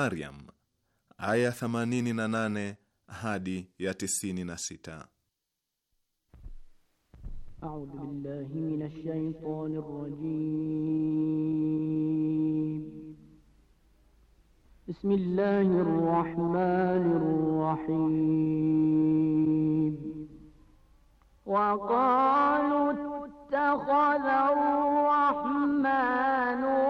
Maryam aya nane hadi ya 96. A'udhu billahi minash shaitanir rajim. Bismillahir rahmanir rahim. Wa qalu ittakhadha ar-rahmanu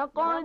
لقد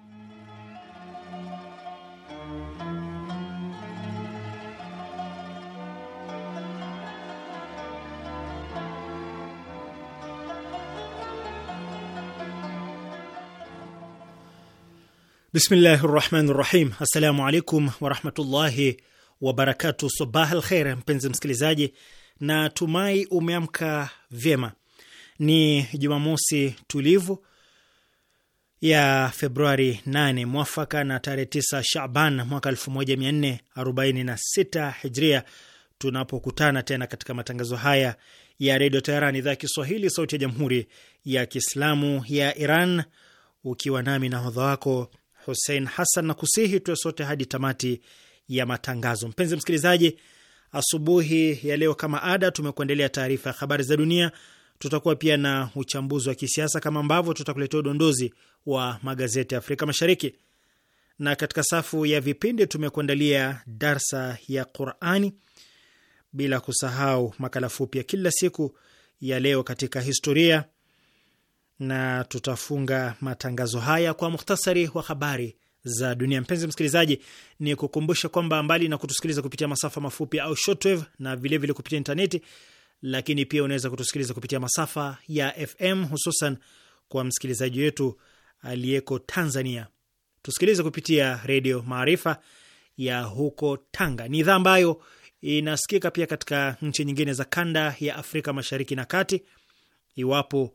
Bismillahi rahmani rahim. Assalamu alaikum warahmatullahi wabarakatu. Sabah al mpenzi msikilizaji, na tumai umeamka vyema. Ni Jumamosi tulivu ya Februari 8 mwafaka na tarehe 9 Shaban mwaka 1446 Hijria, tunapokutana tena katika matangazo haya ya Redio Teheran, idhaa ya Kiswahili, sauti ya Jamhuri ya Kiislamu ya Iran, ukiwa nami nahodha wako Hussein Hassan na kusihi tuwe sote hadi tamati ya matangazo. Mpenzi msikilizaji, asubuhi ya leo kama ada, tumekuendelea taarifa ya habari za dunia, tutakuwa pia na uchambuzi wa kisiasa kama ambavyo tutakuletea udondozi wa magazeti ya Afrika Mashariki, na katika safu ya vipindi tumekuandalia darsa ya Qurani, bila kusahau makala fupi ya kila siku ya leo katika historia na tutafunga matangazo haya kwa muhtasari wa habari za dunia. Mpenzi msikilizaji, ni kukumbusha kwamba mbali na kutusikiliza kupitia masafa mafupi au shortwave na vilevile vile kupitia intaneti, lakini pia unaweza kutusikiliza kupitia masafa ya FM, hususan kwa msikilizaji wetu aliyeko Tanzania, tusikilize kupitia Redio Maarifa ya huko Tanga. Ni idhaa ambayo inasikika pia katika nchi nyingine za kanda ya Afrika Mashariki na Kati. Iwapo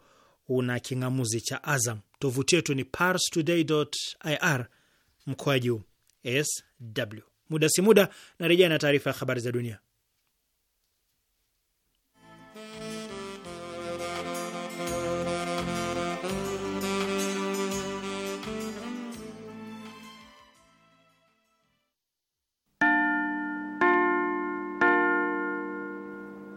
una king'amuzi cha Azam. Tovuti yetu ni parstoday.ir mkoa juu sw. Muda si muda na na taarifa ya habari za dunia.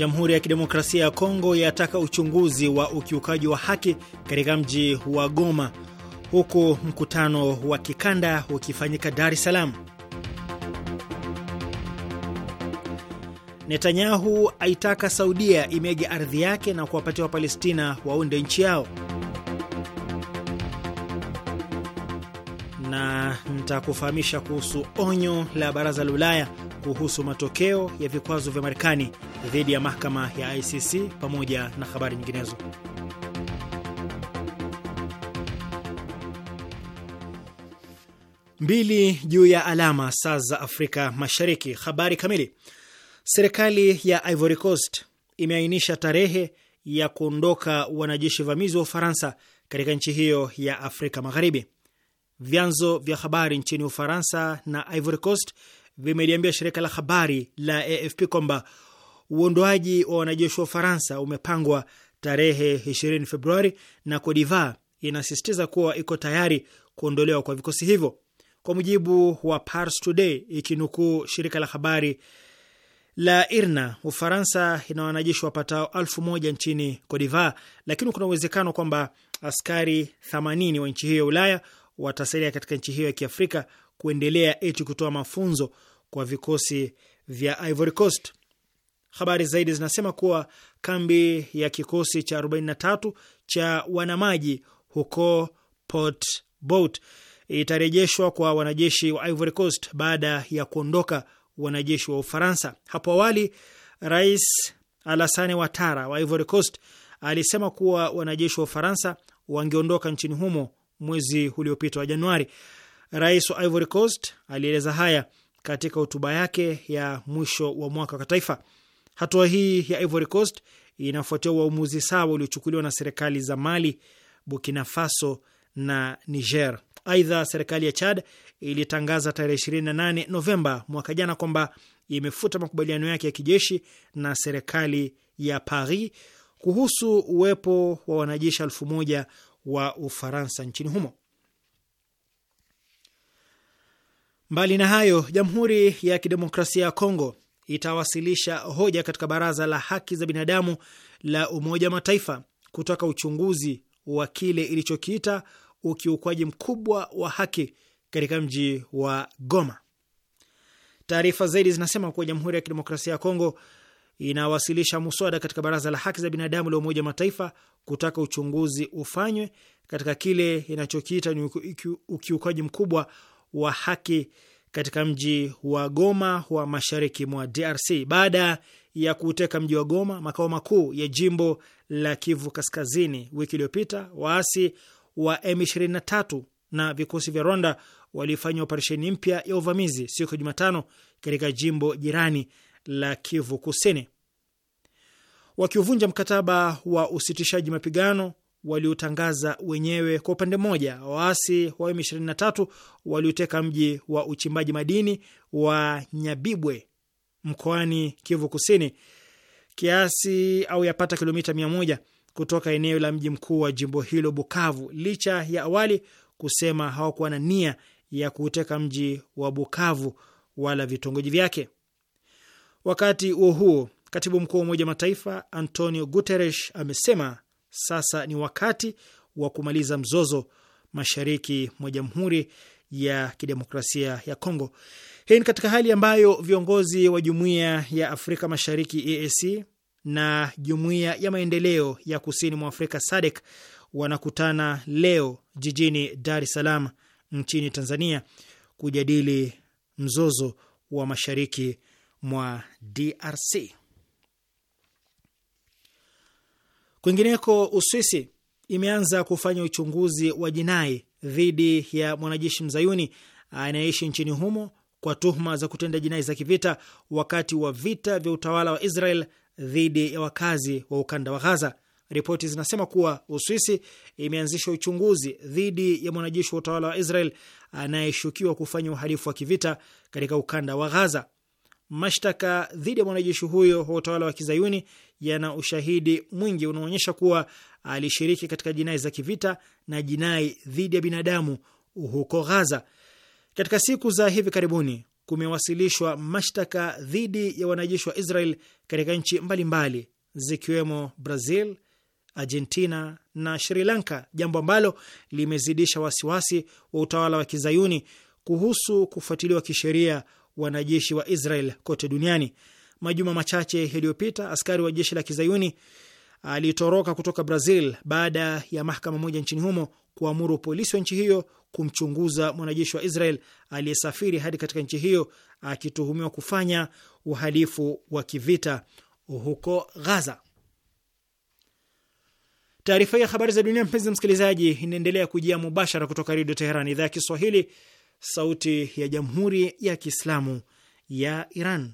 Jamhuri ya Kidemokrasia ya Kongo yataka uchunguzi wa ukiukaji wa haki katika mji wa Goma, huku mkutano wa kikanda ukifanyika Dar es Salaam. Netanyahu aitaka Saudia imege ardhi yake na kuwapatia Wapalestina waunde nchi yao. nitakufahamisha kuhusu onyo la baraza la Ulaya kuhusu matokeo ya vikwazo vya Marekani dhidi ya mahakama ya ICC pamoja na habari nyinginezo. Mbili juu ya alama saa za Afrika Mashariki. Habari kamili. Serikali ya Ivory Coast imeainisha tarehe ya kuondoka wanajeshi vamizi wa Ufaransa katika nchi hiyo ya Afrika Magharibi. Vyanzo vya habari nchini Ufaransa na Ivory Coast vimeliambia shirika la habari la AFP kwamba uondoaji wa wanajeshi wa Ufaransa umepangwa tarehe 20 Februari na Kodiva inasisitiza kuwa iko tayari kuondolewa kwa vikosi hivyo. Kwa mujibu wa Pars Today ikinukuu shirika la habari la IRNA, Ufaransa ina wanajeshi wapatao elfu moja nchini Kodiva, lakini kuna uwezekano kwamba askari 80 wa nchi hiyo ya Ulaya watasaidia katika nchi hiyo ya Kiafrika kuendelea eti kutoa mafunzo kwa vikosi vya Ivory Coast. Habari zaidi zinasema kuwa kambi ya kikosi cha 43 cha wanamaji huko Port Boat itarejeshwa kwa wanajeshi wa Ivory Coast baada ya kuondoka wanajeshi wa Ufaransa. Hapo awali, Rais Alassane Ouattara wa Ivory Coast alisema kuwa wanajeshi wa Ufaransa wangeondoka nchini humo mwezi uliopita wa Januari. Rais wa Ivory Coast alieleza haya katika hotuba yake ya mwisho wa mwaka wa taifa. Hatua hii ya Ivory Coast inafuatia uamuzi sawa uliochukuliwa na serikali za Mali, Burkina Faso na Niger. Aidha, serikali ya Chad ilitangaza tarehe 28 Novemba mwaka jana kwamba imefuta makubaliano yake ya kijeshi na serikali ya Paris kuhusu uwepo wa wanajeshi elfu moja wa Ufaransa nchini humo. Mbali na hayo, Jamhuri ya Kidemokrasia ya Kongo itawasilisha hoja katika Baraza la Haki za Binadamu la Umoja wa Mataifa kutaka uchunguzi wa kile ilichokiita ukiukwaji mkubwa wa haki katika mji wa Goma. Taarifa zaidi zinasema kuwa Jamhuri ya Kidemokrasia ya Kongo inawasilisha muswada katika Baraza la Haki za Binadamu la Umoja Mataifa kutaka uchunguzi ufanywe katika kile inachokiita ni ukiukaji mkubwa wa haki katika mji wa Goma wa mashariki mwa DRC baada ya kuuteka mji wa Goma, makao makuu ya jimbo la Kivu Kaskazini. Wiki iliyopita waasi wa M23 na vikosi vya Rwanda walifanya operesheni mpya ya uvamizi siku ya Jumatano katika jimbo jirani la Kivu Kusini. Wakiuvunja mkataba wa usitishaji mapigano waliotangaza wenyewe kwa upande mmoja, waasi wa M23 walioteka mji wa uchimbaji madini wa Nyabibwe mkoani Kivu Kusini, kiasi au yapata kilomita mia moja kutoka eneo la mji mkuu wa jimbo hilo Bukavu, licha ya awali kusema hawakuwa na nia ya kuuteka mji wa Bukavu wala vitongoji vyake. Wakati huo huo, katibu mkuu wa Umoja Mataifa Antonio Guterres amesema sasa ni wakati wa kumaliza mzozo mashariki mwa Jamhuri ya Kidemokrasia ya Kongo. Hii ni katika hali ambayo viongozi wa Jumuiya ya Afrika Mashariki EAC na Jumuiya ya Maendeleo ya Kusini mwa Afrika SADC wanakutana leo jijini Dar es Salaam nchini Tanzania kujadili mzozo wa mashariki mwa DRC. Kwingineko, Uswisi imeanza kufanya uchunguzi wa jinai dhidi ya mwanajeshi mzayuni anayeishi nchini humo kwa tuhuma za kutenda jinai za kivita wakati wa vita vya utawala wa Israel dhidi ya wakazi wa ukanda wa Ghaza. Ripoti zinasema kuwa Uswisi imeanzisha uchunguzi dhidi ya mwanajeshi wa utawala wa Israel anayeshukiwa kufanya uhalifu wa kivita katika ukanda wa Ghaza mashtaka dhidi ya mwanajeshi huyo wa utawala wa kizayuni yana ushahidi mwingi unaonyesha kuwa alishiriki katika jinai za kivita na jinai dhidi ya binadamu huko Ghaza. Katika siku za hivi karibuni kumewasilishwa mashtaka dhidi ya wanajeshi wa Israel katika nchi mbalimbali zikiwemo Brazil, Argentina na Sri Lanka, jambo ambalo limezidisha wasiwasi wa utawala wa kizayuni kuhusu kufuatiliwa kisheria wanajeshi wa Israel kote duniani. Majuma machache yaliyopita, askari wa jeshi la kizayuni alitoroka kutoka Brazil baada ya mahakama moja nchini humo kuamuru polisi wa nchi hiyo kumchunguza mwanajeshi wa Israel aliyesafiri hadi katika nchi hiyo akituhumiwa kufanya uhalifu wa kivita huko Gaza. Taarifa ya habari za dunia, mpenzi msikilizaji, inaendelea kujia mubashara kutoka Redio Teheran, idhaa ya Kiswahili, sauti ya jamhuri ya kiislamu ya Iran.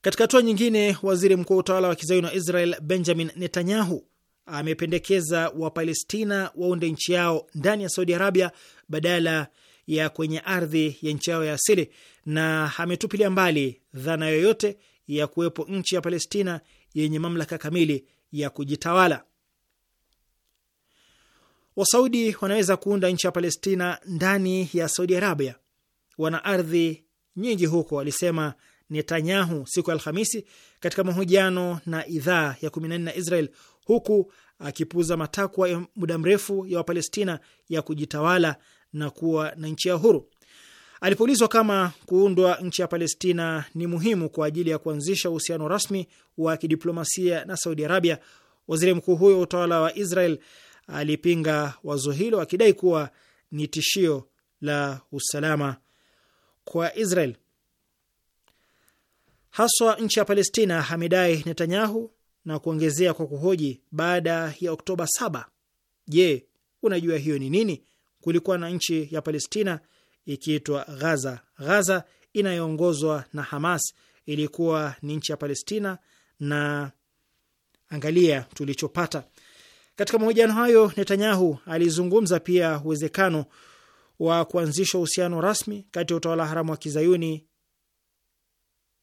Katika hatua nyingine, waziri mkuu wa utawala wa kizayuni wa Israel Benjamin Netanyahu amependekeza Wapalestina waunde nchi yao ndani ya Saudi Arabia badala ya kwenye ardhi ya nchi yao ya asili, na ametupilia mbali dhana yoyote ya kuwepo nchi ya Palestina yenye mamlaka kamili ya kujitawala. Wasaudi wanaweza kuunda nchi ya Palestina ndani ya Saudi Arabia, wana ardhi nyingi huko, alisema Netanyahu siku ya Alhamisi katika mahojiano na idhaa ya 14 Israel, huku akipuuza matakwa ya muda mrefu ya Wapalestina ya kujitawala na kuwa na nchi ya huru. Alipoulizwa kama kuundwa nchi ya Palestina ni muhimu kwa ajili ya kuanzisha uhusiano rasmi wa kidiplomasia na Saudi Arabia, waziri mkuu huyo utawala wa Israel alipinga wazo hilo akidai kuwa ni tishio la usalama kwa Israel, haswa nchi ya Palestina, amedai Netanyahu na kuongezea kwa kuhoji baada ya Oktoba saba, je, unajua hiyo ni nini? Kulikuwa na nchi ya Palestina ikiitwa Ghaza. Ghaza inayoongozwa na Hamas ilikuwa ni nchi ya Palestina, na angalia tulichopata. Katika mahojiano hayo, Netanyahu alizungumza pia uwezekano wa kuanzisha uhusiano rasmi kati ya utawala haramu wa kizayuni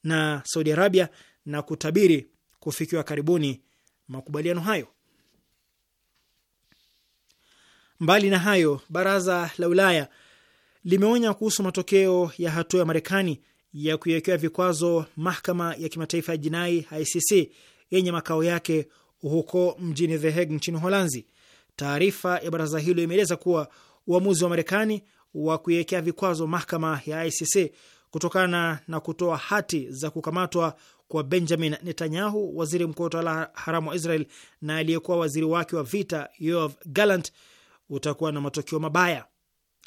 na Saudi Arabia na kutabiri kufikiwa karibuni makubaliano hayo. Mbali na hayo, baraza la Ulaya limeonya kuhusu matokeo ya hatua ya Marekani ya kuiwekea vikwazo mahakama ya kimataifa ya jinai ICC yenye makao yake huko mjini The Hague nchini Holanzi. Taarifa ya baraza hilo imeeleza kuwa uamuzi wa Marekani wa kuiwekea vikwazo mahakama ya ICC kutokana na kutoa hati za kukamatwa kwa Benjamin Netanyahu, waziri mkuu wa utawala haramu wa Israel na aliyekuwa waziri wake wa vita Yoav Gallant utakuwa na matokeo mabaya.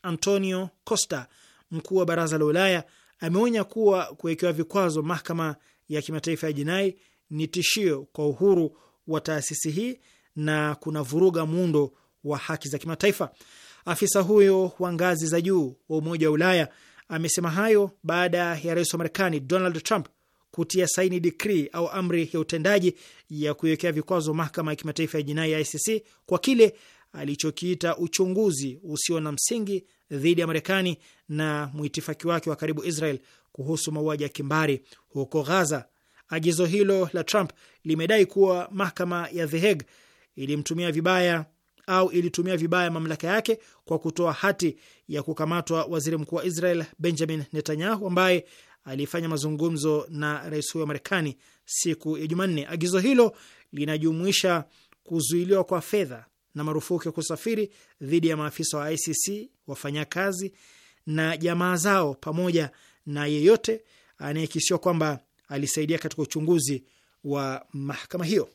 Antonio Costa, mkuu wa baraza la Ulaya, ameonya kuwa kuwekewa vikwazo mahakama ya kimataifa ya jinai ni tishio kwa uhuru wa taasisi hii na kuna vuruga muundo wa haki za kimataifa. Afisa huyo wa ngazi za juu wa Umoja wa Ulaya amesema hayo baada ya rais wa Marekani Donald Trump kutia saini dikrii au amri ya utendaji ya kuiwekea vikwazo mahakama ya kimataifa ya jinai ya ICC kwa kile alichokiita uchunguzi usio na msingi dhidi ya Marekani na mwitifaki wake wa karibu Israel kuhusu mauaji ya kimbari huko Ghaza. Agizo hilo la Trump limedai kuwa mahakama ya The Hague ilimtumia vibaya au ilitumia vibaya mamlaka yake kwa kutoa hati ya kukamatwa waziri mkuu wa Israel Benjamin Netanyahu ambaye alifanya mazungumzo na rais huyo wa Marekani siku ya Jumanne. Agizo hilo linajumuisha kuzuiliwa kwa fedha na marufuku ya kusafiri dhidi ya maafisa wa ICC, wafanyakazi na jamaa zao, pamoja na yeyote anayekisiwa kwamba alisaidia katika uchunguzi wa mahakama hiyo.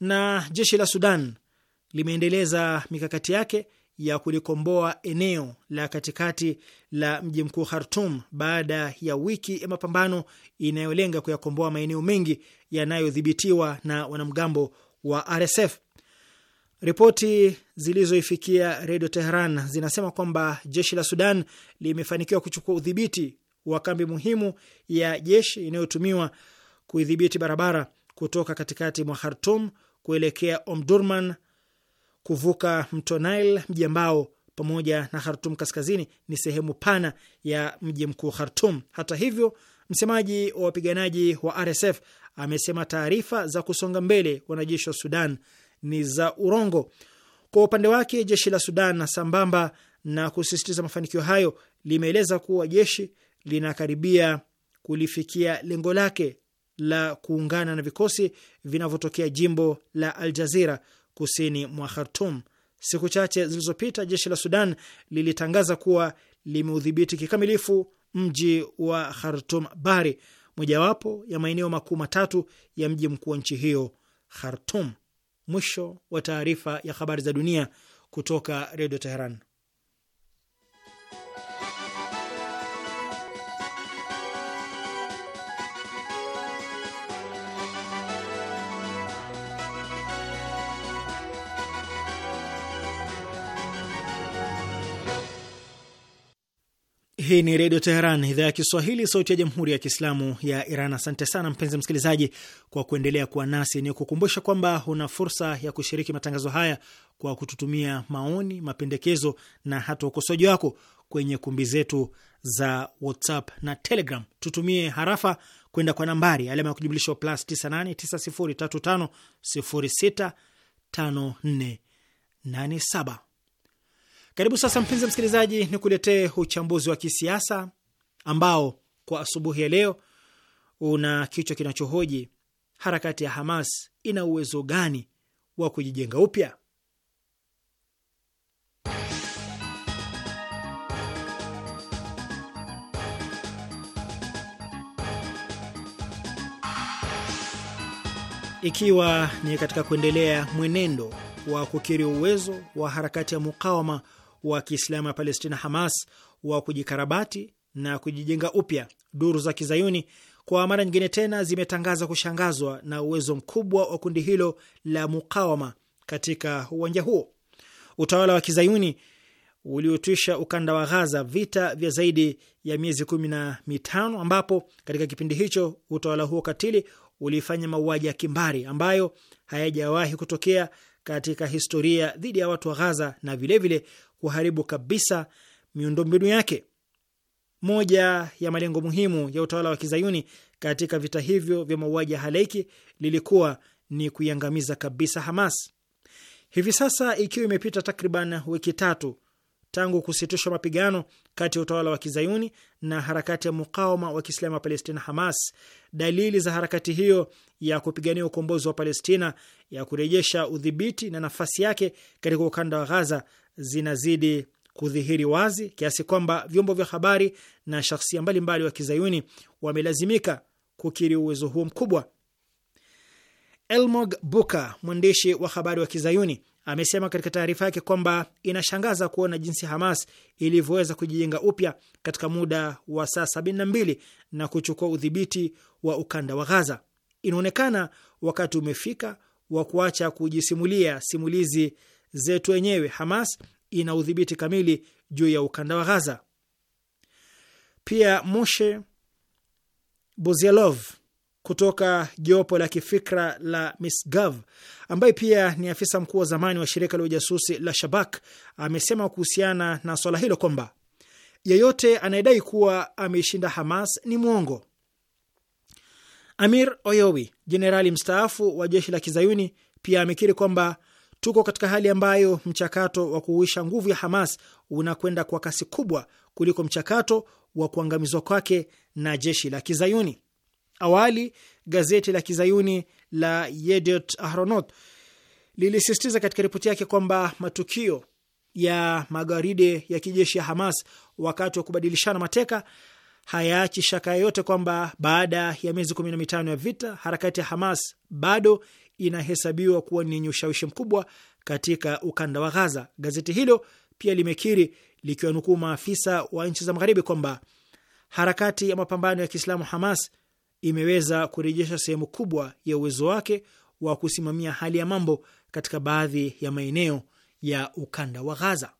Na jeshi la Sudan limeendeleza mikakati yake ya kulikomboa eneo la katikati la mji mkuu Khartum baada ya wiki ya mapambano inayolenga kuyakomboa maeneo mengi yanayodhibitiwa na wanamgambo wa RSF. Ripoti zilizoifikia Redio Tehran zinasema kwamba jeshi la Sudan limefanikiwa kuchukua udhibiti wa kambi muhimu ya jeshi inayotumiwa kuidhibiti barabara kutoka katikati mwa Khartum kuelekea Omdurman, kuvuka mto Nile, mji ambao pamoja na Khartum kaskazini ni sehemu pana ya mji mkuu Khartum. Hata hivyo, msemaji wa wapiganaji wa RSF amesema taarifa za kusonga mbele wanajeshi wa Sudan ni za urongo. Kwa upande wake, jeshi la Sudan sambamba na kusisitiza mafanikio hayo limeeleza kuwa jeshi linakaribia kulifikia lengo lake la kuungana na vikosi vinavyotokea jimbo la Al Jazira kusini mwa Khartum. Siku chache zilizopita, jeshi la Sudan lilitangaza kuwa limeudhibiti kikamilifu mji wa Khartum Bari, mojawapo ya maeneo makuu matatu ya mji mkuu wa nchi hiyo Khartum. Mwisho wa taarifa ya habari za dunia kutoka Redio Teheran. Hii ni Redio Teheran, idhaa ya Kiswahili, sauti ya Jamhuri ya Kiislamu ya Iran. Asante sana mpenzi msikilizaji kwa kuendelea kuwa nasi. Ni kukumbusha kwamba una fursa ya kushiriki matangazo haya kwa kututumia maoni, mapendekezo na hata ukosoaji wako kwenye kumbi zetu za WhatsApp na Telegram. Tutumie harafa kwenda kwa nambari alama ya kujumlisha plus 989035065487. Karibu sasa, mpenzi msikilizaji, ni kuletee uchambuzi wa kisiasa ambao kwa asubuhi ya leo una kichwa kinachohoji harakati ya Hamas ina uwezo gani wa kujijenga upya. Ikiwa ni katika kuendelea mwenendo wa kukiri uwezo wa harakati ya mukawama wa Kiislamu ya Palestina Hamas wa kujikarabati na kujijenga upya. Duru za kizayuni kwa mara nyingine tena zimetangaza kushangazwa na uwezo mkubwa wa kundi hilo la mukawama katika uwanja huo. Utawala wa kizayuni uliotwisha ukanda wa Ghaza vita vya zaidi ya miezi kumi na mitano ambapo katika kipindi hicho utawala huo katili ulifanya mauaji ya kimbari ambayo hayajawahi kutokea katika historia dhidi ya watu wa Ghaza na vilevile kuharibu kabisa miundombinu yake. Moja ya malengo muhimu ya utawala wa kizayuni katika vita hivyo vya mauaji ya halaiki lilikuwa ni kuiangamiza kabisa Hamas. Hivi sasa ikiwa imepita takriban wiki tatu tangu kusitishwa mapigano kati ya utawala wa kizayuni na harakati ya mukawama wa kiislamu wa Palestina, Hamas, dalili za harakati hiyo ya kupigania ukombozi wa Palestina ya kurejesha udhibiti na nafasi yake katika ukanda wa Ghaza zinazidi kudhihiri wazi kiasi kwamba vyombo vya habari na shahsia mbalimbali wa kizayuni wamelazimika kukiri uwezo huo mkubwa. Elmog Buka, mwandishi wa habari wa kizayuni, amesema katika taarifa yake kwamba inashangaza kuona jinsi Hamas ilivyoweza kujijenga upya katika muda wa saa 72 na kuchukua udhibiti wa ukanda wa Ghaza. Inaonekana wakati umefika wa kuacha kujisimulia simulizi zetu wenyewe. Hamas ina udhibiti kamili juu ya ukanda wa Ghaza. Pia Moshe Bozialov kutoka jopo la kifikra la Misgav ambaye pia ni afisa mkuu wa zamani wa shirika la ujasusi la Shabak amesema kuhusiana na swala hilo kwamba yeyote anayedai kuwa ameishinda Hamas ni mwongo. Amir Oyowi, jenerali mstaafu wa jeshi la Kizayuni, pia amekiri kwamba tuko katika hali ambayo mchakato wa kuuisha nguvu ya Hamas unakwenda kwa kasi kubwa kuliko mchakato wa kuangamizwa kwake na jeshi la Kizayuni. Awali gazeti la Kizayuni la Yediot Ahronot lilisisitiza katika ripoti yake kwamba matukio ya magaride ya kijeshi ya Hamas wakati wa kubadilishana mateka hayaachi shaka yoyote kwamba baada ya miezi kumi na mitano ya vita, harakati ya Hamas bado inahesabiwa kuwa ni yenye ushawishi mkubwa katika ukanda wa Ghaza. Gazeti hilo pia limekiri likiwanukuu maafisa wa nchi za magharibi kwamba harakati ya mapambano ya Kiislamu Hamas imeweza kurejesha sehemu kubwa ya uwezo wake wa kusimamia hali ya mambo katika baadhi ya maeneo ya ukanda wa Ghaza.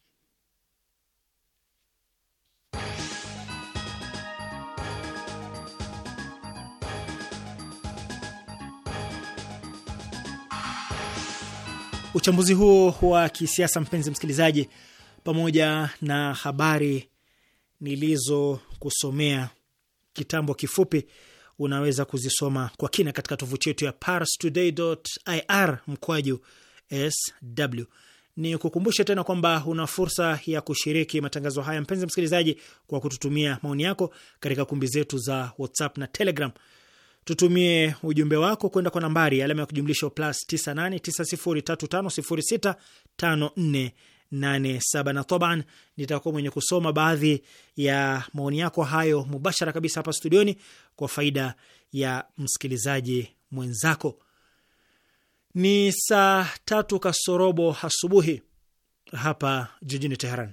Uchambuzi huo wa kisiasa, mpenzi msikilizaji, pamoja na habari nilizokusomea kitambo kifupi, unaweza kuzisoma kwa kina katika tovuti yetu ya parstoday.ir mkwaju sw. Ni kukumbushe tena kwamba una fursa ya kushiriki matangazo haya, mpenzi msikilizaji, kwa kututumia maoni yako katika kumbi zetu za WhatsApp na Telegram. Tutumie ujumbe wako kwenda kwa nambari alama ya kujumlisha plus 989035065487 na taban, nitakuwa mwenye kusoma baadhi ya maoni yako hayo mubashara kabisa hapa studioni kwa faida ya msikilizaji mwenzako. Ni saa tatu kasorobo asubuhi hapa jijini Teheran.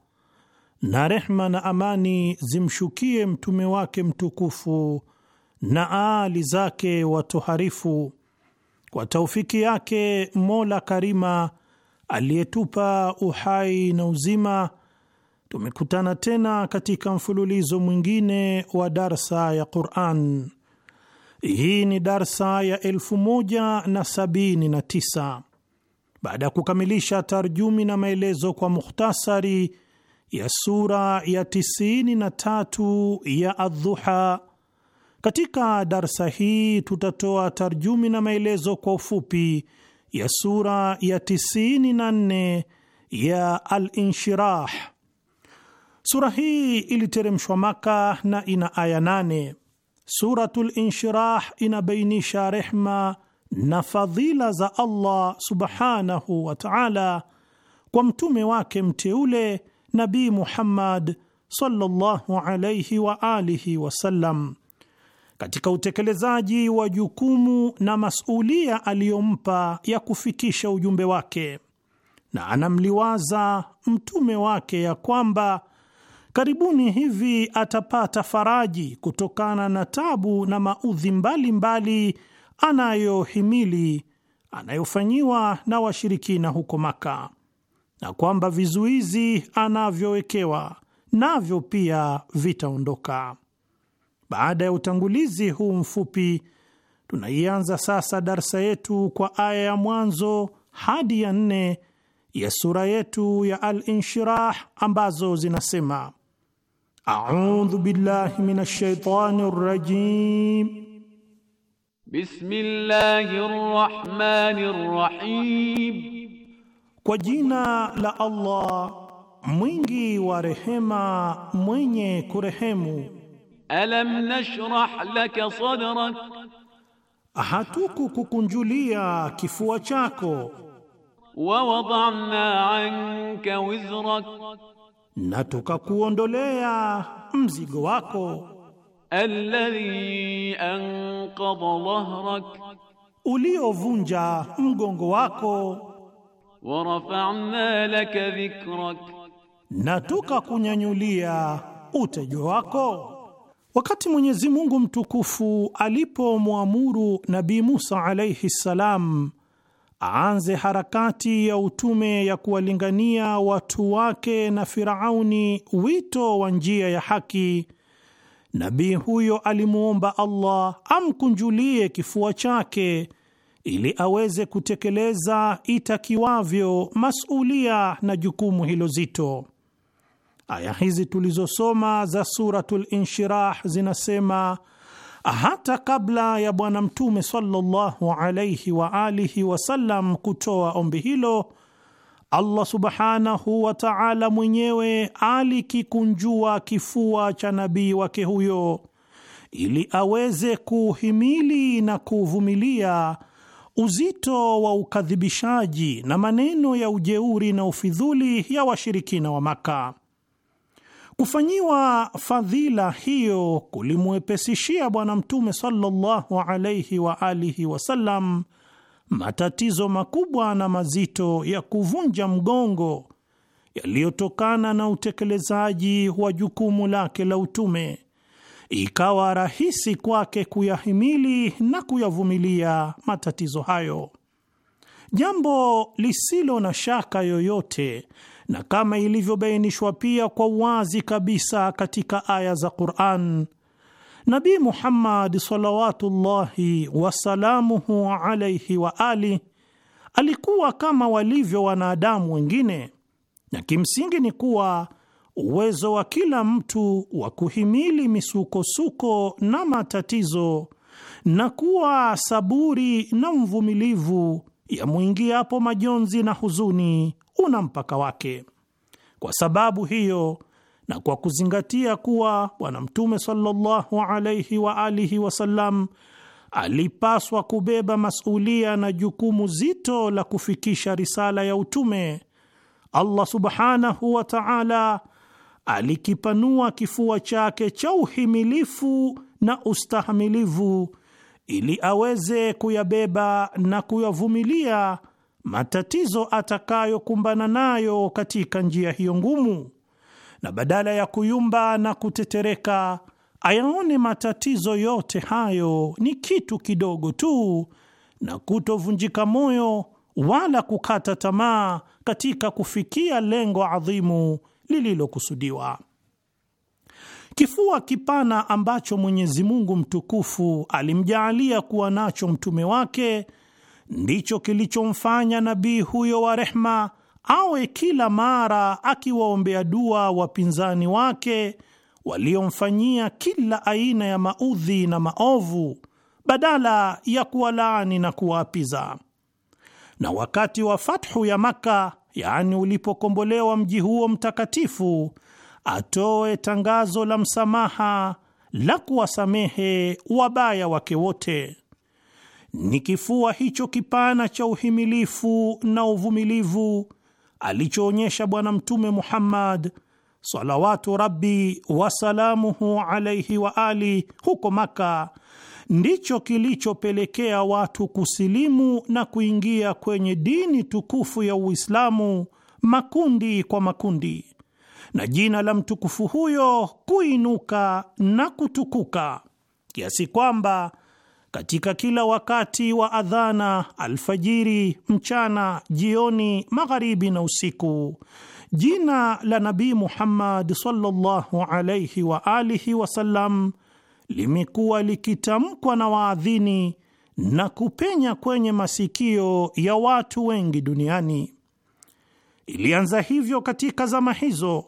na rehma na amani zimshukie mtume wake mtukufu na aali zake watoharifu. Kwa taufiki yake Mola Karima aliyetupa uhai na uzima, tumekutana tena katika mfululizo mwingine wa darsa ya Quran. Hii ni darsa ya elfu moja na sabini na tisa baada ya kukamilisha tarjumi na maelezo kwa mukhtasari ya sura ya tatu ya Adhuha. Katika darsa hii tutatoa tarjumi na maelezo kwa ufupi ya sura ya nne ya alinshirah Sura hii iliteremshwa Maka na ina aya nane. Suratul Inshirah inabainisha rehma na fadhila za Allah subhanahu wa ta'ala kwa mtume wake mteule Nabii Muhammad sallallahu alayhi wa alihi wasallam katika utekelezaji wa jukumu na masulia aliyompa ya kufikisha ujumbe wake, na anamliwaza mtume wake ya kwamba karibuni hivi atapata faraji kutokana na tabu na maudhi mbalimbali anayohimili anayofanyiwa na washirikina huko Maka na kwamba vizuizi anavyowekewa navyo pia vitaondoka. Baada ya utangulizi huu mfupi, tunaianza sasa darsa yetu kwa aya ya mwanzo hadi ya nne ya sura yetu ya Al-Inshirah ambazo zinasema: audhu billahi minash shaitani rajim bismillahir rahmanir rahim kwa jina la Allah mwingi wa rehema, mwenye kurehemu. Alam nashrah laka sadrak, hatukukukunjulia kifua chako. Wa wada'na anka wizrak, na tukakuondolea mzigo wako. Alladhi anqadha dhahrak, uliovunja mgongo wako wa rafa'na laka dhikrak, na tukakunyanyulia utejo wako. Wakati Mwenyezi Mungu mtukufu alipomwamuru Nabii Musa alayhi salam aanze harakati ya utume ya kuwalingania watu wake na Firauni wito wa njia ya haki, nabii huyo alimwomba Allah amkunjulie kifua chake ili aweze kutekeleza itakiwavyo masulia na jukumu hilo zito. Aya hizi tulizosoma za Suratul Inshirah zinasema hata kabla ya Bwana Mtume sallallahu wa alihi wasallam kutoa ombi hilo, Allah subhanahu wa taala mwenyewe alikikunjua kifua cha nabii wake huyo ili aweze kuhimili na kuvumilia uzito wa ukadhibishaji na maneno ya ujeuri na ufidhuli ya washirikina wa Maka. Kufanyiwa fadhila hiyo kulimwepesishia Bwana Mtume sallallahu alaihi wa alihi wasallam matatizo makubwa na mazito ya kuvunja mgongo yaliyotokana na utekelezaji wa jukumu lake la utume ikawa rahisi kwake kuyahimili na kuyavumilia matatizo hayo, jambo lisilo na shaka yoyote, na kama ilivyobainishwa pia kwa wazi kabisa katika aya za Qur'an. Nabii Muhammad salawatullahi wasalamuhu alaihi wa ali alikuwa kama walivyo wanadamu wengine, na kimsingi ni kuwa uwezo wa kila mtu wa kuhimili misukosuko na matatizo na kuwa saburi na mvumilivu yamwingiapo majonzi na huzuni una mpaka wake. Kwa sababu hiyo na kwa kuzingatia kuwa Bwana Mtume sallallahu alaihi wa alihi wasallam alipaswa kubeba masulia na jukumu zito la kufikisha risala ya utume, Allah subhanahu wa ta'ala alikipanua kifua chake cha uhimilifu na ustahamilivu ili aweze kuyabeba na kuyavumilia matatizo atakayokumbana nayo katika njia hiyo ngumu, na badala ya kuyumba na kutetereka, ayaone matatizo yote hayo ni kitu kidogo tu, na kutovunjika moyo wala kukata tamaa katika kufikia lengo adhimu lililokusudiwa. Kifua kipana ambacho Mwenyezi Mungu mtukufu alimjaalia kuwa nacho mtume wake ndicho kilichomfanya nabii huyo wa rehma awe kila mara akiwaombea dua wapinzani wake waliomfanyia kila aina ya maudhi na maovu, badala ya kuwalaani na kuwaapiza. Na wakati wa fathu ya makka yaani ulipokombolewa mji huo mtakatifu, atoe tangazo la msamaha la kuwasamehe wabaya wake wote. Ni kifua hicho kipana cha uhimilifu na uvumilivu alichoonyesha Bwana Mtume Muhammad salawatu rabbi wasalamuhu alaihi wa ali huko Maka ndicho kilichopelekea watu kusilimu na kuingia kwenye dini tukufu ya Uislamu makundi kwa makundi, na jina la mtukufu huyo kuinuka na kutukuka kiasi kwamba katika kila wakati wa adhana, alfajiri, mchana, jioni, magharibi na usiku, jina la Nabii Muhammad sallallahu alayhi wa alihi wasallam limekuwa likitamkwa na waadhini na kupenya kwenye masikio ya watu wengi duniani. Ilianza hivyo katika zama hizo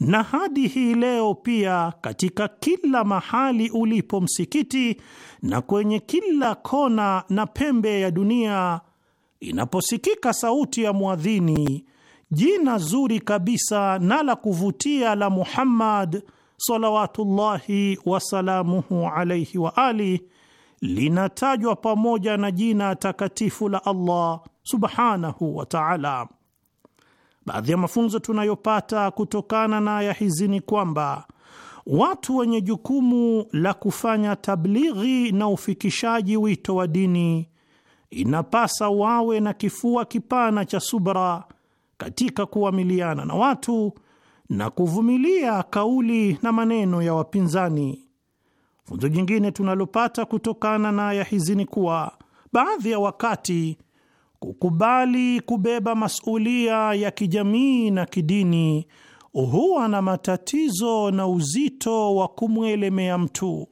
na hadi hii leo pia, katika kila mahali ulipo msikiti na kwenye kila kona na pembe ya dunia, inaposikika sauti ya mwadhini, jina zuri kabisa na la kuvutia la Muhammad salawatullahi wasalamuhu alaihi wa ali, linatajwa pamoja na jina takatifu la Allah subhanahu wa taala. Baadhi ya mafunzo tunayopata kutokana na aya hizi ni kwamba watu wenye jukumu la kufanya tablighi na ufikishaji wito wa dini inapasa wawe na kifua kipana cha subra katika kuamiliana na watu na kuvumilia kauli na maneno ya wapinzani. Funzo jingine tunalopata kutokana na aya hizi ni kuwa baadhi ya wakati kukubali kubeba masulia ya kijamii na kidini huwa na matatizo na uzito wa kumwelemea mtu,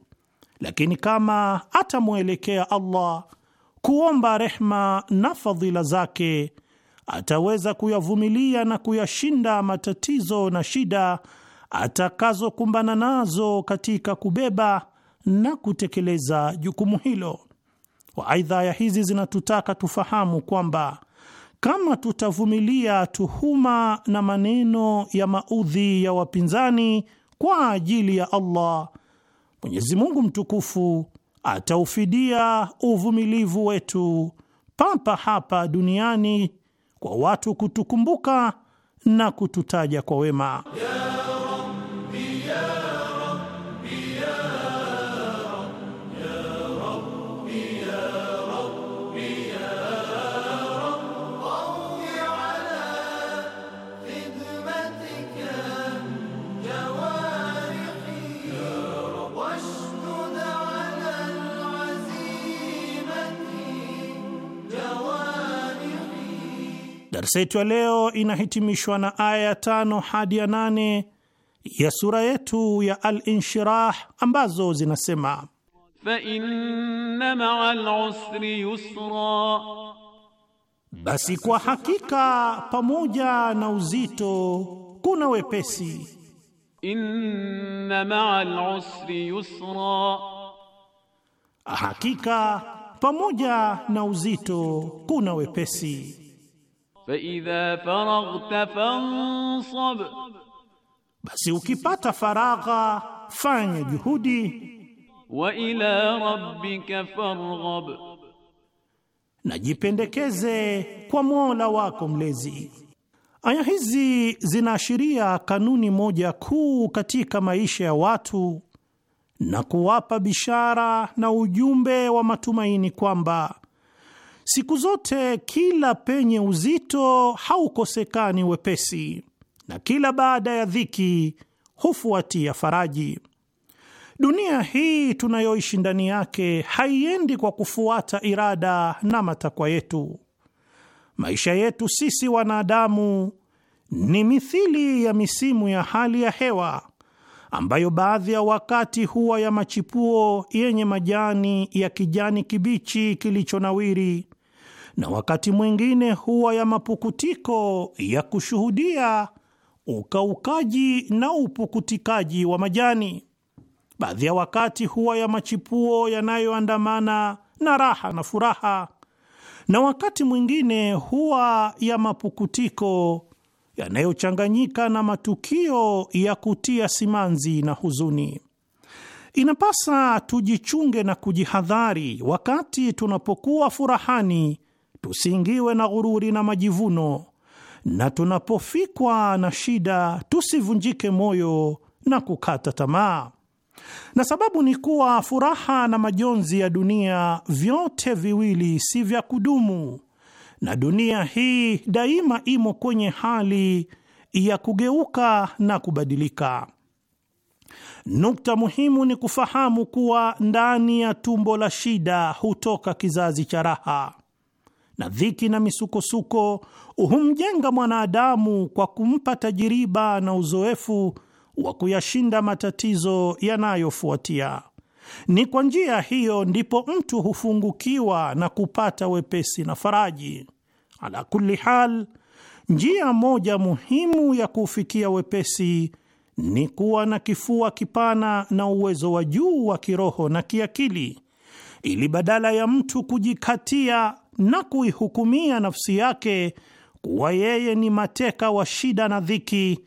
lakini kama atamwelekea Allah kuomba rehma na fadhila zake ataweza kuyavumilia na kuyashinda matatizo na shida atakazokumbana nazo katika kubeba na kutekeleza jukumu hilo. Aidha, aya hizi zinatutaka tufahamu kwamba kama tutavumilia tuhuma na maneno ya maudhi ya wapinzani kwa ajili ya Allah, Mwenyezi Mungu mtukufu ataufidia uvumilivu wetu papa hapa duniani kwa watu kutukumbuka na kututaja kwa wema yeah. Darsa yetu ya leo inahitimishwa na aya tano hadi ya nane ya sura yetu ya Al-Inshirah ambazo zinasema fa inna ma'al usri yusra, basi kwa hakika pamoja na uzito kuna wepesi. Inna ma'al usri yusra, hakika pamoja na uzito kuna wepesi faidha faraghta fansab, basi ukipata faragha fanya juhudi. Wa ila rabbika farghab, najipendekeze kwa Mola wako mlezi. Aya hizi zinaashiria kanuni moja kuu katika maisha ya watu na kuwapa bishara na ujumbe wa matumaini kwamba Siku zote kila penye uzito haukosekani wepesi, na kila baada ya dhiki hufuatia faraji. Dunia hii tunayoishi ndani yake haiendi kwa kufuata irada na matakwa yetu. Maisha yetu sisi wanadamu ni mithili ya misimu ya hali ya hewa ambayo baadhi ya wakati huwa ya machipuo yenye majani ya kijani kibichi kilichonawiri, na wakati mwingine huwa ya mapukutiko ya kushuhudia ukaukaji na upukutikaji wa majani. Baadhi ya wakati huwa ya machipuo yanayoandamana na raha na furaha, na wakati mwingine huwa ya mapukutiko yanayochanganyika na matukio ya kutia simanzi na huzuni. Inapasa tujichunge na kujihadhari wakati tunapokuwa furahani tusiingiwe na ghururi na majivuno, na tunapofikwa na shida tusivunjike moyo na kukata tamaa. Na sababu ni kuwa furaha na majonzi ya dunia vyote viwili si vya kudumu, na dunia hii daima imo kwenye hali ya kugeuka na kubadilika. Nukta muhimu ni kufahamu kuwa ndani ya tumbo la shida hutoka kizazi cha raha na dhiki na misukosuko humjenga mwanadamu kwa kumpa tajiriba na uzoefu wa kuyashinda matatizo yanayofuatia. Ni kwa njia hiyo ndipo mtu hufungukiwa na kupata wepesi na faraji. Ala kulli hal, njia moja muhimu ya kufikia wepesi ni kuwa na kifua kipana na uwezo wa juu wa kiroho na kiakili, ili badala ya mtu kujikatia na kuihukumia nafsi yake kuwa yeye ni mateka wa shida na dhiki,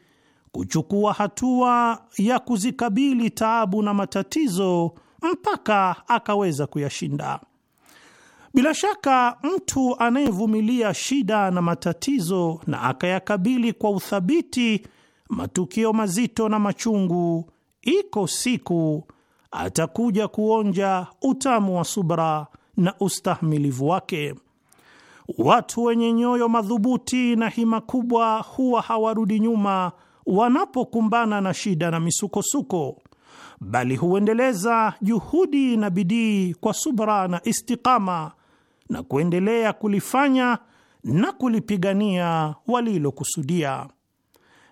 kuchukua hatua ya kuzikabili taabu na matatizo mpaka akaweza kuyashinda. Bila shaka mtu anayevumilia shida na matatizo na akayakabili kwa uthabiti matukio mazito na machungu, iko siku atakuja kuonja utamu wa subra na ustahimilivu wake. Watu wenye nyoyo madhubuti na hima kubwa huwa hawarudi nyuma wanapokumbana na shida na misukosuko, bali huendeleza juhudi na bidii kwa subra na istikama na kuendelea kulifanya na kulipigania walilokusudia,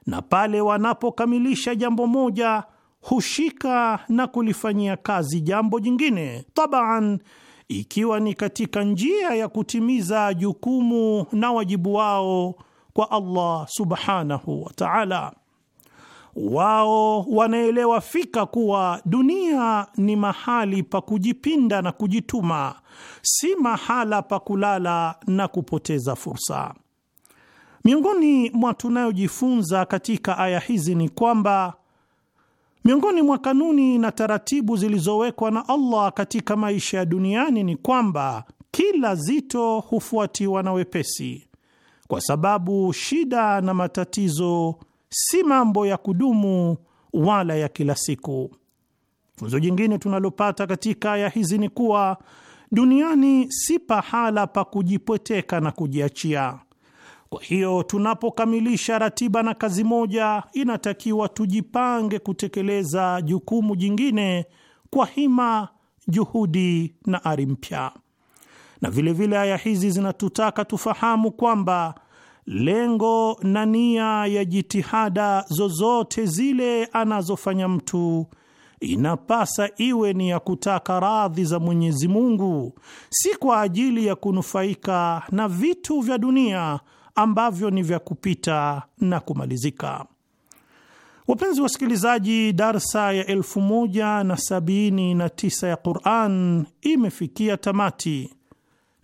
na pale wanapokamilisha jambo moja hushika na kulifanyia kazi jambo jingine tabaan ikiwa ni katika njia ya kutimiza jukumu na wajibu wao kwa Allah subhanahu wa ta'ala. Wao wanaelewa fika kuwa dunia ni mahali pa kujipinda na kujituma, si mahala pa kulala na kupoteza fursa. Miongoni mwa tunayojifunza katika aya hizi ni kwamba Miongoni mwa kanuni na taratibu zilizowekwa na Allah katika maisha ya duniani ni kwamba kila zito hufuatiwa na wepesi, kwa sababu shida na matatizo si mambo ya kudumu wala ya kila siku. Funzo jingine tunalopata katika aya hizi ni kuwa duniani si pahala pa kujipweteka na kujiachia. Kwa hiyo tunapokamilisha ratiba na kazi moja, inatakiwa tujipange kutekeleza jukumu jingine kwa hima, juhudi na ari mpya. Na vilevile aya vile hizi zinatutaka tufahamu kwamba lengo na nia ya jitihada zozote zile anazofanya mtu inapasa iwe ni ya kutaka radhi za Mwenyezi Mungu, si kwa ajili ya kunufaika na vitu vya dunia ambavyo ni vya kupita na kumalizika. Wapenzi wasikilizaji, darsa ya 1079 ya Quran imefikia tamati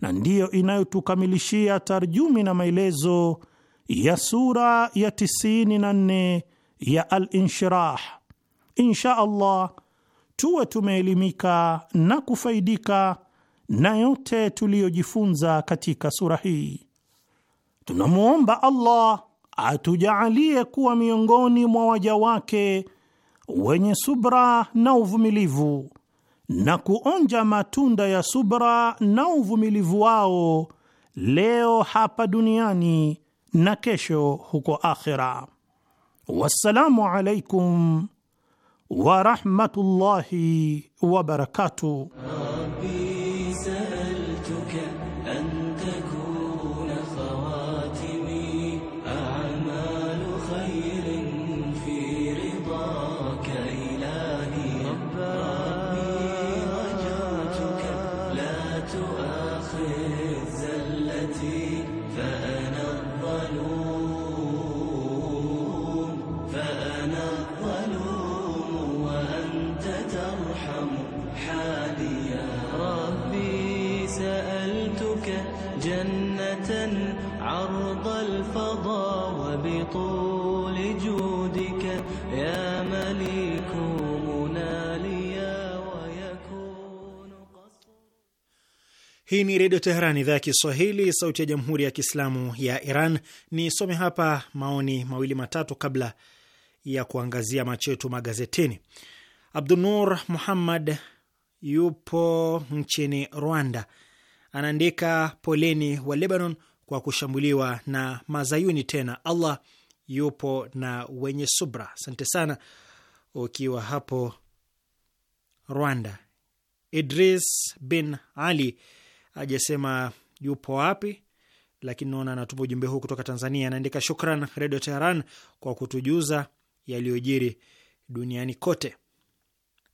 na ndiyo inayotukamilishia tarjumi na maelezo ya sura ya 94 ya Al-Inshirah. Insha Allah tuwe tumeelimika na kufaidika na yote tuliyojifunza katika sura hii. Tunamwomba Allah atujaalie kuwa miongoni mwa waja wake wenye subra na uvumilivu na kuonja matunda ya subra na uvumilivu wao leo hapa duniani na kesho huko akhira. Wassalamu alaikum warahmatullahi wabarakatuh. Hii ni Redio Teheran, idhaa ya Kiswahili, sauti ya Jamhuri ya Kiislamu ya Iran. Ni some hapa maoni mawili matatu kabla ya kuangazia macho yetu magazetini. Abdunur Muhammad yupo nchini Rwanda, anaandika poleni wa Lebanon kwa kushambuliwa na mazayuni tena. Allah yupo na wenye subra. Asante sana ukiwa hapo Rwanda. Idris bin Ali ajasema yupo wapi, lakini naona anatupa ujumbe huu kutoka Tanzania. Anaandika, shukran Redio Teheran kwa kutujuza yaliyojiri duniani kote.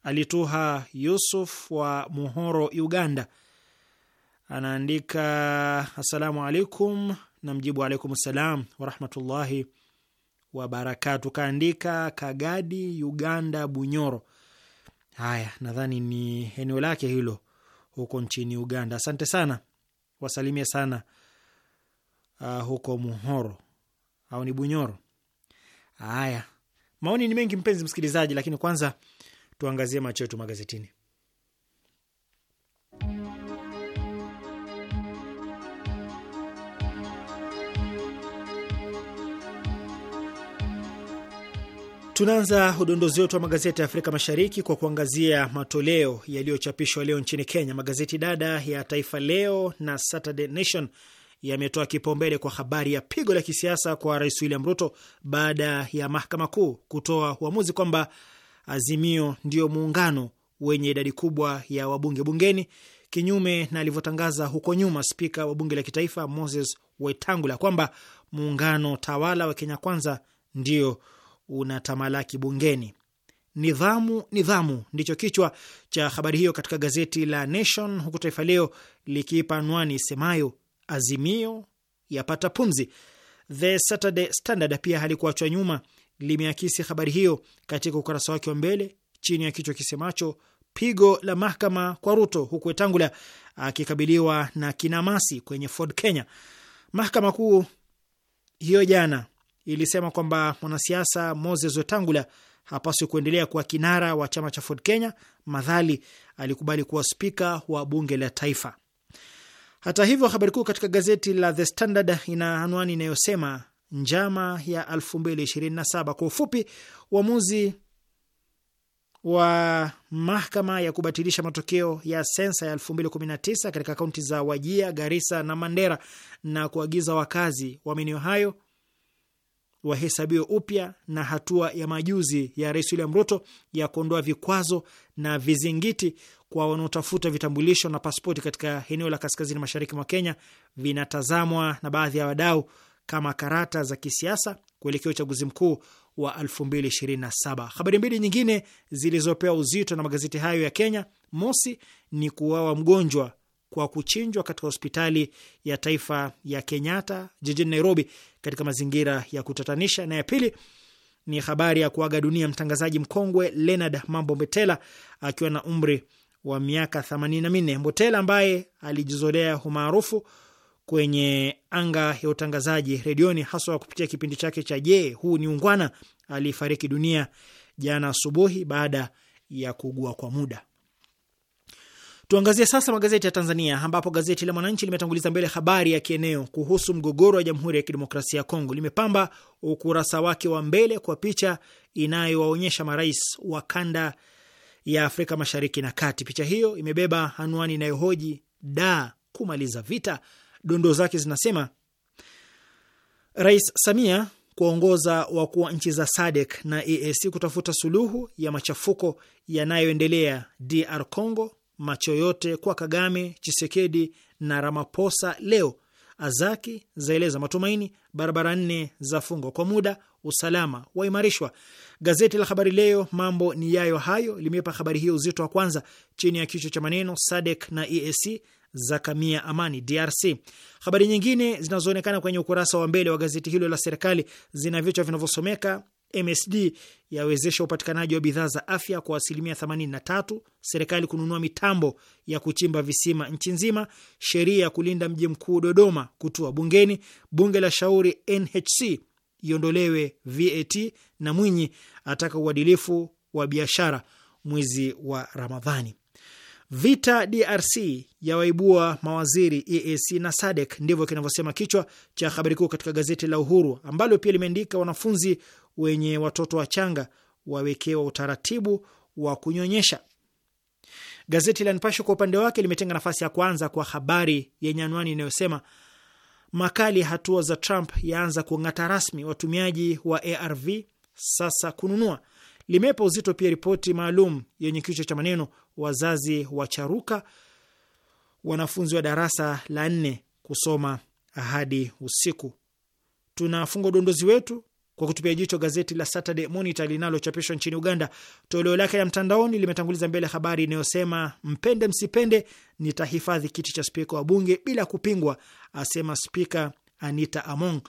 Alituha Yusuf wa Muhoro, Uganda, anaandika assalamu alaikum, na mjibu alaikum salam warahmatullahi wabarakatu. Kaandika Kagadi, Uganda, Bunyoro. Haya, nadhani ni eneo lake hilo huko nchini Uganda. Asante sana, wasalimie sana uh, huko Muhoro au ni Bunyoro. Haya, maoni ni mengi mpenzi msikilizaji, lakini kwanza tuangazie macho yetu magazetini. Tunaanza udondozi wetu wa magazeti ya Afrika Mashariki kwa kuangazia matoleo yaliyochapishwa leo nchini Kenya. Magazeti dada ya Taifa Leo na Saturday Nation yametoa kipaumbele kwa habari ya pigo la kisiasa kwa Rais William Ruto baada ya Mahakama Kuu kutoa uamuzi kwamba Azimio ndiyo muungano wenye idadi kubwa ya wabunge bungeni, kinyume na alivyotangaza huko nyuma Spika wa Bunge la Kitaifa Moses Wetangula kwamba muungano tawala wa Kenya Kwanza ndio unatamalaki bungeni. Nidhamu, nidhamu ndicho kichwa cha habari hiyo katika gazeti la Nation, huku Taifa Leo likiipa anwani isemayo azimio yapata pumzi. The Saturday Standard pia halikuachwa nyuma, limeakisi habari hiyo katika ukurasa wake wa mbele chini ya kichwa kisemacho pigo la mahakama kwa Ruto, huku Wetangula akikabiliwa na kinamasi kwenye Ford Kenya. Mahakama kuu hiyo jana ilisema kwamba mwanasiasa Moses Wetangula hapaswi kuendelea kuwa kinara wa chama cha Ford Kenya madhali alikubali kuwa spika wa bunge la taifa. Hata hivyo, habari kuu katika gazeti la The Standard ina anwani inayosema njama ya 2027 kwa ufupi, uamuzi wa mahakama ya kubatilisha matokeo ya sensa ya 2019 katika kaunti za Wajia, Garissa na Mandera na kuagiza wakazi wa maeneo hayo wahesabiwe upya na hatua ya majuzi ya Rais William Ruto ya kuondoa vikwazo na vizingiti kwa wanaotafuta vitambulisho na paspoti katika eneo la kaskazini mashariki mwa Kenya vinatazamwa na baadhi ya wadau kama karata za kisiasa kuelekea uchaguzi mkuu wa 2027. Habari mbili nyingine zilizopewa uzito na magazeti hayo ya Kenya, mosi ni kuuawa mgonjwa kwa kuchinjwa katika hospitali ya taifa ya Kenyatta jijini Nairobi katika mazingira ya kutatanisha. Na ya pili ni habari ya kuaga dunia mtangazaji mkongwe Leonard Mambo Mbetela akiwa na umri wa miaka 84. Mbotela ambaye alijizolea umaarufu kwenye anga ya utangazaji redioni haswa kupitia kipindi chake cha Je, huu ni Ungwana, alifariki dunia jana asubuhi baada ya kuugua kwa muda. Tuangazie sasa magazeti ya Tanzania, ambapo gazeti la Mwananchi limetanguliza mbele habari ya kieneo kuhusu mgogoro wa Jamhuri ya Kidemokrasia ya Kongo. Limepamba ukurasa wake wa mbele kwa picha inayowaonyesha marais wa kanda ya Afrika Mashariki na Kati. Picha hiyo imebeba anwani inayohoji da kumaliza vita. Dondoo zake zinasema Rais Samia kuongoza wakuu wa nchi za SADC na EAC kutafuta suluhu ya machafuko yanayoendelea DR Congo macho yote kwa Kagame, Chisekedi na Ramaposa leo. Azaki zaeleza matumaini, barabara nne za fungwa kwa muda, usalama waimarishwa. Gazeti la Habari Leo mambo ni yayo hayo limeipa habari hiyo uzito wa kwanza chini ya kichwa cha maneno Sadek na EAC za kamia amani DRC. Habari nyingine zinazoonekana kwenye ukurasa wa mbele wa gazeti hilo la serikali zina vichwa vinavyosomeka MSD yawezesha upatikanaji wa bidhaa za afya kwa asilimia 83, serikali kununua mitambo ya kuchimba visima nchi nzima, sheria ya kulinda mji mkuu Dodoma kutua bungeni, bunge la shauri NHC iondolewe VAT, na Mwinyi ataka uadilifu wa biashara mwezi wa Ramadhani. Vita DRC yawaibua mawaziri EAC na SADC, ndivyo kinavyosema kichwa cha habari kuu katika gazeti la Uhuru ambalo pia limeandika wanafunzi wenye watoto wachanga wawekewa utaratibu wa kunyonyesha. Gazeti la Nipashe kwa upande wake limetenga nafasi ya kwanza kwa habari yenye anwani inayosema makali hatua za Trump yaanza kung'ata rasmi watumiaji wa ARV sasa kununua. Limepa uzito pia ripoti maalum yenye kichwa cha maneno wazazi wa charuka wanafunzi wa darasa la nne kusoma hadi usiku. Tunafunga udondozi wetu kwa kutupia jicho gazeti la Saturday Monitor linalochapishwa nchini Uganda. Toleo lake la mtandaoni limetanguliza mbele habari inayosema mpende msipende, nitahifadhi kiti cha spika wa bunge bila kupingwa, asema spika Anita Among.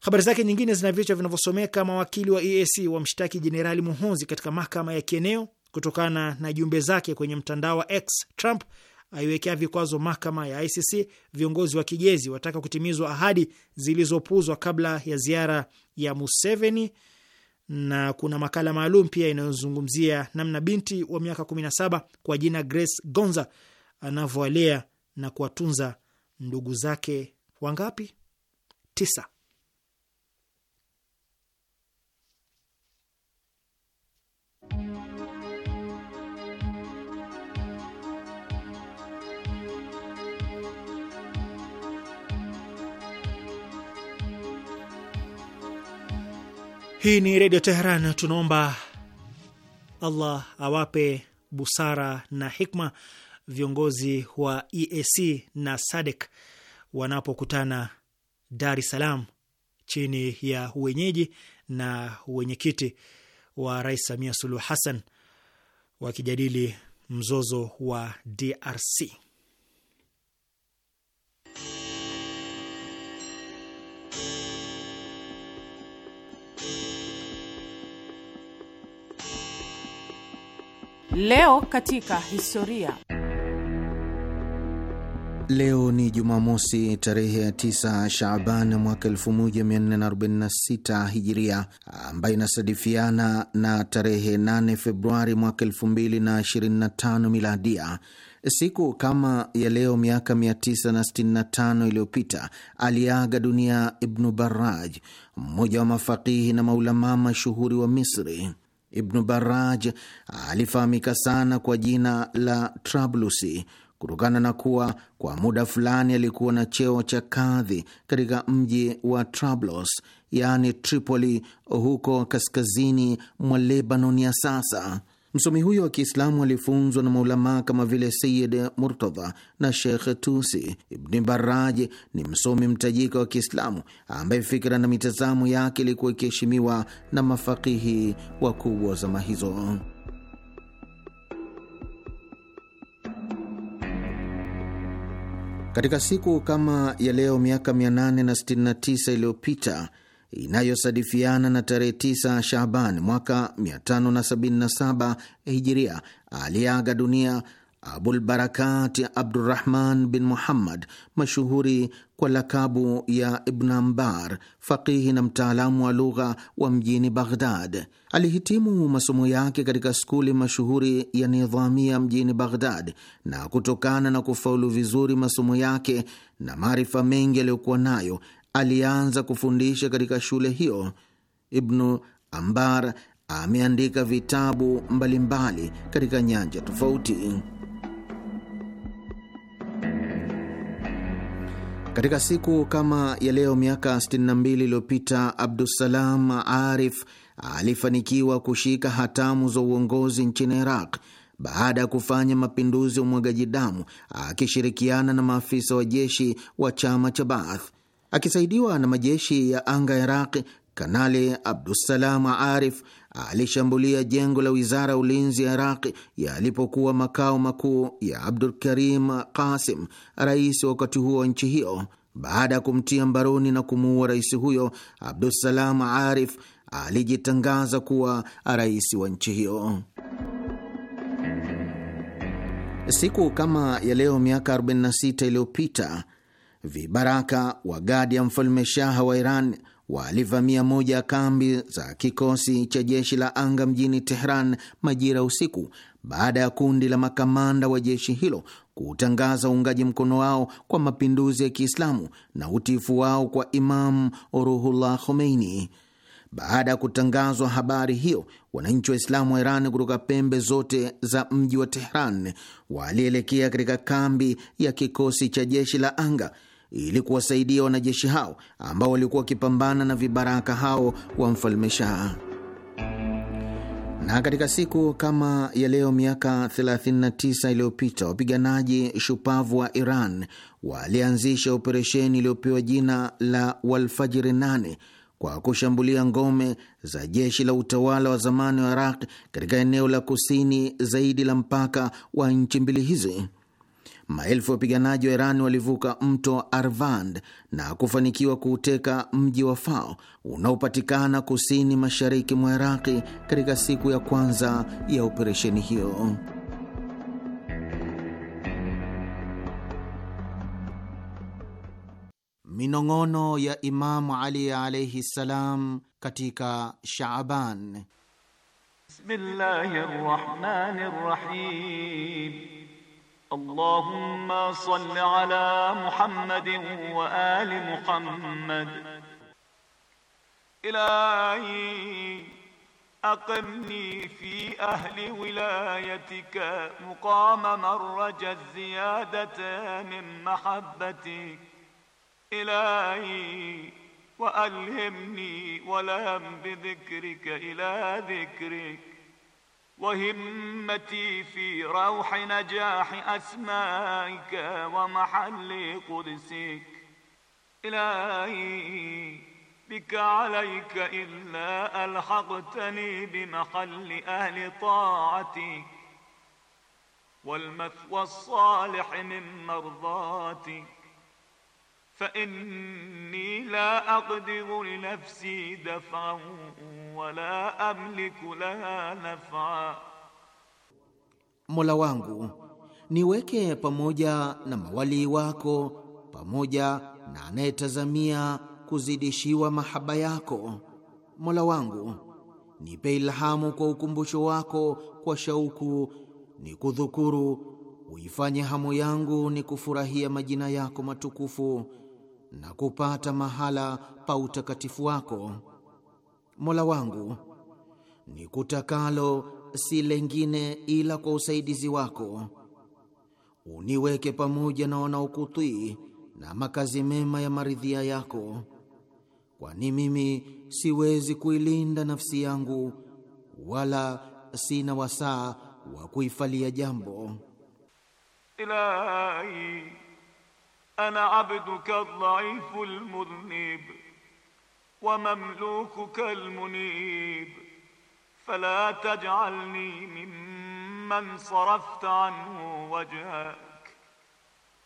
Habari zake nyingine zina vichwa vinavyosomeka mawakili wa EAC wamshtaki Jenerali Muhunzi katika mahakama ya kieneo kutokana na jumbe zake kwenye mtandao wa X. Trump aiwekea vikwazo mahakama ya ICC. Viongozi wa kijezi wataka kutimizwa ahadi zilizopuzwa kabla ya ziara ya Museveni, na kuna makala maalum pia inayozungumzia namna binti wa miaka 17 kwa jina Grace Gonza anavyowalea na kuwatunza ndugu zake wangapi? Tisa. Hii ni Redio Teheran. Tunaomba Allah awape busara na hikma viongozi wa EAC na SADC wanapokutana Dar es Salaam chini ya wenyeji na wenyekiti wa Rais Samia Suluhu Hassan wakijadili mzozo wa DRC. Leo katika historia. Leo ni Jumamosi tarehe ya 9 Shaaban mwaka 1446 Hijiria, ambayo inasadifiana na tarehe 8 Februari mwaka 2025 Miladia. Siku kama ya leo miaka 965 iliyopita aliaga dunia Ibnu Baraj, mmoja wa mafakihi na maulamaa mashuhuri wa Misri. Ibnu Baraj alifahamika sana kwa jina la Trablusi kutokana na kuwa kwa muda fulani alikuwa na cheo cha kadhi katika mji wa Trablos, yaani Tripoli, huko kaskazini mwa Lebanon ya sasa. Msomi huyo wa Kiislamu alifunzwa na maulamaa kama vile Sayid Murtadha na Shekh Tusi. Ibni baraj ni msomi mtajika wa Kiislamu ambaye fikra na mitazamo yake ilikuwa ikiheshimiwa na mafakihi wakubwa wa zama hizo. Katika siku kama ya leo miaka 869 iliyopita inayosadifiana na tarehe 9 shaban mwaka 577 Hijiria, aliaga dunia Abulbarakati Abdurahman bin Muhammad, mashuhuri kwa lakabu ya Ibn Ambar, faqihi na mtaalamu wa lugha wa mjini Baghdad. Alihitimu masomo yake katika skuli mashuhuri ya Nidhamia mjini Baghdad, na kutokana na kufaulu vizuri masomo yake na maarifa mengi aliyokuwa nayo alianza kufundisha katika shule hiyo. Ibnu Ambar ameandika vitabu mbalimbali mbali katika nyanja tofauti. Katika siku kama ya leo miaka 62 iliyopita Abdusalam Arif alifanikiwa kushika hatamu za uongozi nchini Iraq baada ya kufanya mapinduzi ya umwagaji damu akishirikiana na maafisa wa jeshi wa chama cha Baath. Akisaidiwa na majeshi ya anga ya Iraqi, Kanali Abdusalam Arif alishambulia jengo la wizara ya ulinzi ya Iraqi yalipokuwa makao makuu ya Abdul Karim Qasim, rais wa wakati huo wa nchi hiyo. Baada ya kumtia mbaroni na kumuua rais huyo, Abdusalam Arif alijitangaza kuwa rais wa nchi hiyo. Siku kama ya leo miaka 46 iliyopita vibaraka wa gadi ya mfalme Shaha wa Iran walivamia moja ya kambi za kikosi cha jeshi la anga mjini Tehran majira usiku, baada ya kundi la makamanda wa jeshi hilo kutangaza uungaji mkono wao kwa mapinduzi ya Kiislamu na utifu wao kwa Imam Ruhullah Khomeini. Baada ya kutangazwa habari hiyo, wananchi wa Islamu wa Iran kutoka pembe zote za mji wa Tehran walielekea katika kambi ya kikosi cha jeshi la anga ili kuwasaidia wanajeshi hao ambao walikuwa wakipambana na vibaraka hao wa mfalme Shah. Na katika siku kama ya leo miaka 39 iliyopita wapiganaji shupavu wa Iran walianzisha operesheni iliyopewa jina la Walfajiri nane kwa kushambulia ngome za jeshi la utawala wa zamani wa Iraq katika eneo la kusini zaidi la mpaka wa nchi mbili hizi maelfu ya wapiganaji wa Iran walivuka mto Arvand na kufanikiwa kuuteka mji wa Fao unaopatikana kusini mashariki mwa Iraqi katika siku ya kwanza ya operesheni hiyo. Minong'ono ya Imamu Ali alaihi ssalam katika Shaaban. Bismillahi rahim اللهم صل على محمد وآل محمد إلهي أقمني في أهل ولايتك مقام مرج الزيادة من محبتك إلهي وألهمني ولهم بذكرك إلى ذكرك وهمتي في روح نجاح أسمائك ومحل قدسك إلهي بك عليك إلا ألحقتني بمحل أهل طاعتك والمثوى الصالح من مرضاتك fa inni la aqdiru li nafsi daf'an wa la amliku laha naf'a, Mola wangu niweke pamoja na mawalii wako pamoja na anayetazamia kuzidishiwa mahaba yako. Mola wangu nipe ilhamu kwa ukumbusho wako, kwa shauku ni kudhukuru, uifanye hamu yangu ni kufurahia majina yako matukufu na kupata mahala pa utakatifu wako. Mola wangu, ni kutakalo si lengine ila kwa usaidizi wako. Uniweke pamoja na wanaokutii na makazi mema ya maridhia yako, kwani mimi siwezi kuilinda nafsi yangu wala sina wasaa wa kuifalia jambo. Ilahi أنا عبدك الضعيف المذنب ومملوكك المنيب فلا تجعلني ممن صرفت عنه وجهك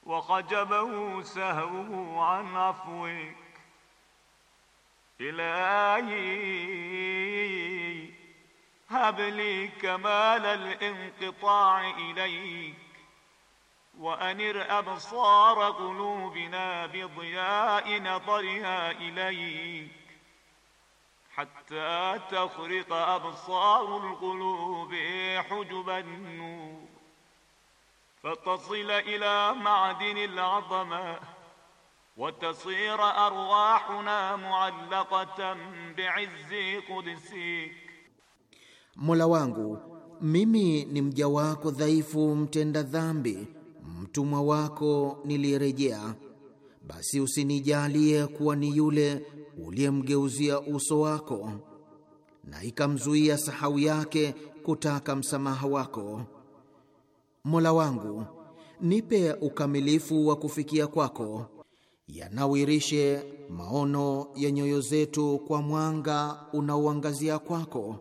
وخجبه سهوه عن عفوك إلهي هب لي كمال الانقطاع إليك wa anir absara qulubina bi dhiya'i nadhariha ilayk hatta takhriqa absarul qulubi hujuban nur fatasila ila ma'dinil 'azama وتصير أرواحنا معلقة بعز قدسك Mola wangu mimi ni mja wako dhaifu mtenda dhambi mtumwa wako nilirejea, basi usinijalie kuwa ni yule uliyemgeuzia uso wako na ikamzuia sahau yake kutaka msamaha wako. Mola wangu, nipe ukamilifu wa kufikia kwako, yanawirishe maono ya nyoyo zetu kwa mwanga unaoangazia kwako,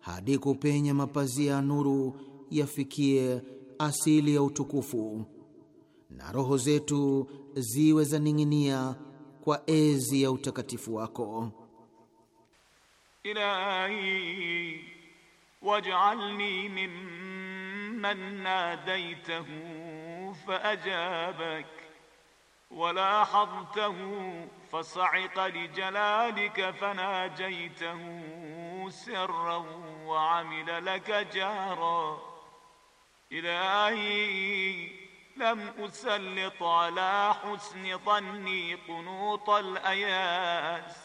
hadi kupenya mapazia ya nuru yafikie asili ya utukufu, na roho zetu ziwe za ning'inia kwa ezi ya utakatifu wako. Ilahi waj'alni mimman nadaitahu fa ajabak hadhtahu fasa'iqa lijalalika fanajaitahu sirran wa amila laka jahra إلهي لم أسلط على حسن ظني قنوط الأياس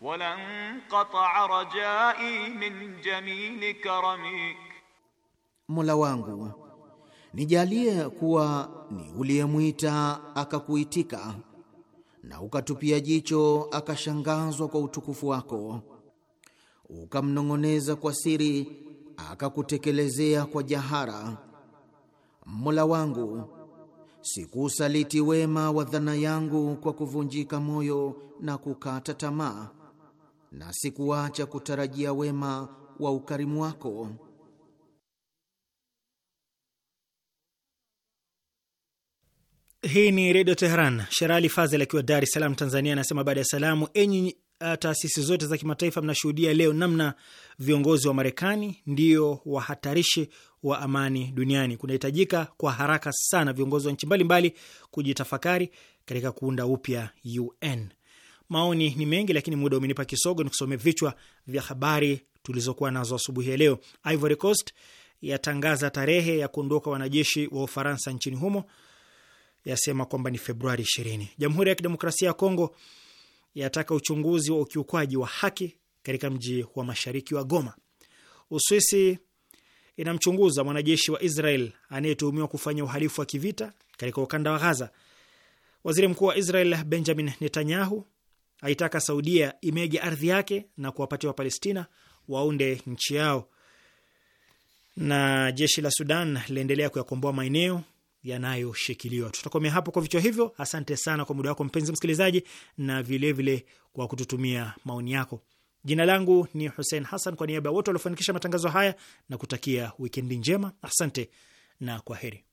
ولا انقطع رجائي من jamili karamik, Mola wangu nijalie kuwa ni uliyemwita akakuitika na ukatupia jicho akashangazwa kwa utukufu wako, ukamnong'oneza kwa siri akakutekelezea kwa jahara. Mola wangu, sikuusaliti wema wa dhana yangu kwa kuvunjika moyo na kukata tamaa, na sikuacha kutarajia wema wa ukarimu wako. Hii ni Redio Teheran. Sherali Fazel akiwa Dar es Salaam, Tanzania, anasema baada ya salamu, enyi Eh, taasisi zote za kimataifa, mnashuhudia leo namna viongozi wa Marekani ndio wahatarishi wa amani duniani. Kunahitajika kwa haraka sana viongozi wa nchi mbalimbali kujitafakari katika kuunda upya UN. Maoni ni mengi, lakini muda umenipa kisogo, ni kusomea vichwa vya habari tulizokuwa nazo asubuhi ya leo. Ivory Coast yatangaza tarehe ya kuondoka wanajeshi wa Ufaransa nchini humo, yasema kwamba ni Februari ishirini. Jamhuri ya Kidemokrasia ya Kongo yataka uchunguzi wa ukiukwaji wa haki katika mji wa mashariki wa Goma. Uswisi inamchunguza mwanajeshi wa Israel anayetuhumiwa kufanya uhalifu wa kivita katika ukanda wa Ghaza. Waziri mkuu wa Israel Benjamin Netanyahu aitaka Saudia imege ardhi yake na kuwapatia Wapalestina waunde nchi yao. Na jeshi la Sudan liendelea kuyakomboa maeneo yanayoshikiliwa. Tutakomea hapo kwa vichwa hivyo. Asante sana kwa muda wako mpenzi msikilizaji, na vilevile vile kwa kututumia maoni yako. Jina langu ni Hussein Hassan, kwa niaba ya wote waliofanikisha matangazo haya na kutakia wikendi njema. Asante na kwa heri.